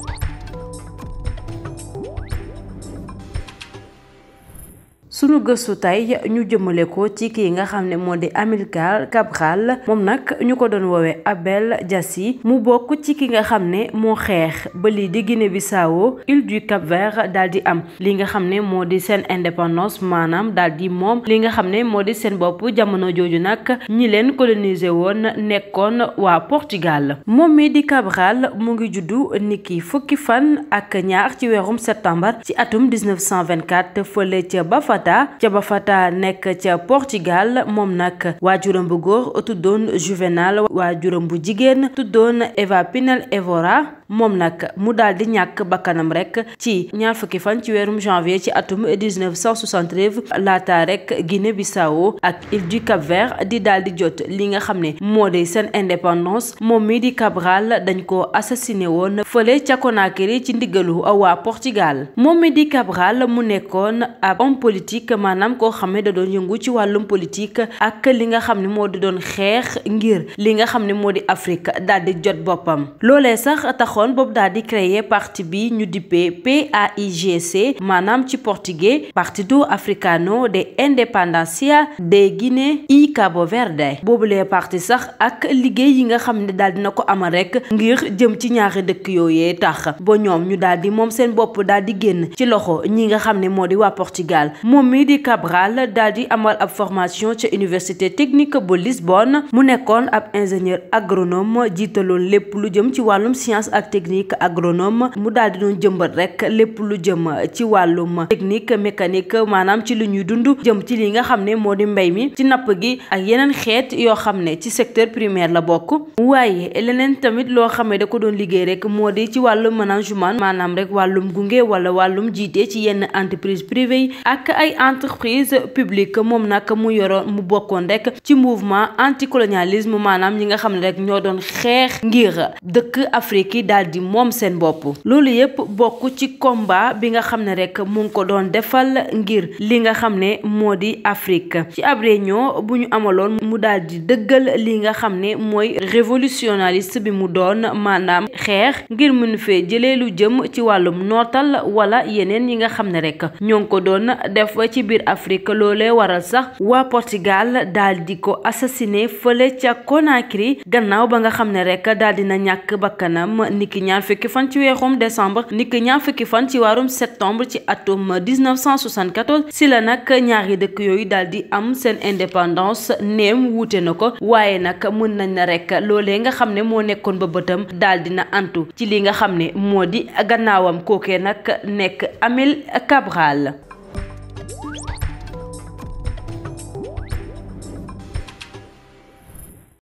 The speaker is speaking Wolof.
Thank you. sunu gëstu tey ñu jëmale ko ci kii nga xam ne moo di Amilcar Cabral moom nag ñu ko doon woowee Abel Diassi mu bokk ci ki nga xam ne moo xeex ba lii di Guinée-Bissau île du Cap-Vert daal di am li nga xam ne moo di seen indépendance maanaam daal di moom li nga xam ne moo di seen bopp jamono jooju nag ñi leen colonisé woon nekkoon waa Portugal moom mi di Cabral mu ngi juddu niki fukki fan ak ñaar ci weerum septembre ci atum 1924 fële ca Bafata Fata ca ba Fata nekk ca Portugal moom nag waajuram bu góor tuddoon Juvenal waajuram bu jigéen tuddoon Eva Pinel Evora moom nag mu daal di ñàkk bakkanam rek ci ñaar fukki fan ci weerum janvier ci atum 1973 laata rek Guinée Bissau ak île du Cap Vert di daal di jot li nga xam ne moo de seen indépendance moom mii di Cabral dañ ko assassiné woon fële ca Conakry ci ndiggalu waa Portugal moom mii di Cabral mu nekkoon ab homme politique politique maanaam koo xam ne da doon yëngu ci wàllum politique ak li nga xam ne moo di doon xeex ngir li nga xam ne moo di Afrique daal di jot boppam loolee sax taxoon boobu daal di créer parti bi ñu dippee PAIGC maanaam ci parti Partido Africano de Independência de Guinée i Cabo Verde boobulee parti sax ak liggéey yi nga xam ne daal dina ko amal rek ngir jëm ci ñaari dëkk yooyee tax ba ñoom ñu daal di moom seen bopp dal di génn ci loxo ñi nga xam ne moo moom mii di Cabral daal di amal ab formation ca université technique bu Lisbonne mu nekkoon ab ingénieur agronome jiitaloon lépp lu jëm ci wàllum science ak technique agronome mu daal di doon jëmbat rek lépp lu jëm ci wàllum technique mécanique maanaam ci lu ñuy dund jëm ci li nga xam ne moo di mbay mi ci napp gi ak yeneen xeet yoo xam ne ci secteur primaire la bokk waaye leneen tamit loo xam ne da ko doon liggéey rek moo di ci wàllum management maanaam rek wàllum gunge wala wàllum jiite ci yenn entreprise privée yi ak ay ay entreprise publique moom nag mu yoroon mu bokkoon rek ci mouvement anticolonialisme maanaam ñi nga xam ne rek ñoo doon xeex ngir dëkk Afrique yi daal di moom seen bopp loolu yépp bokk ci combat bi nga xam ne rek mu ko doon defal ngir li nga xam ne moo di Afrique ci ab réunion bu ñu amaloon mu daal di dëggal li nga xam ne mooy révolutionnaliste bi mu doon maanaam xeex ngir mun fee jëlee lu jëm ci wàllum nootal wala yeneen yi nga xam ne rek ñoo ko doon def ba ci biir Afrique loolee waral sax waa Portugal daal di ko assassiné fële ca Conakry gannaaw ba nga xam ne rek daal dina ñàkk bakkanam niki ñaar fukki fan ci weexum décembre niki ñaar fukki fan ci waarum septembre ci atum 1974 si la nag ñaari dëkk yooyu daal di am seen indépendance néem wuute na ko waaye nag mën nañ ne rek loole nga xam ne moo nekkoon ba bëtam daal dina antu ci li nga xam ne moo di gannaawam kookee nag nekk Amil Cabral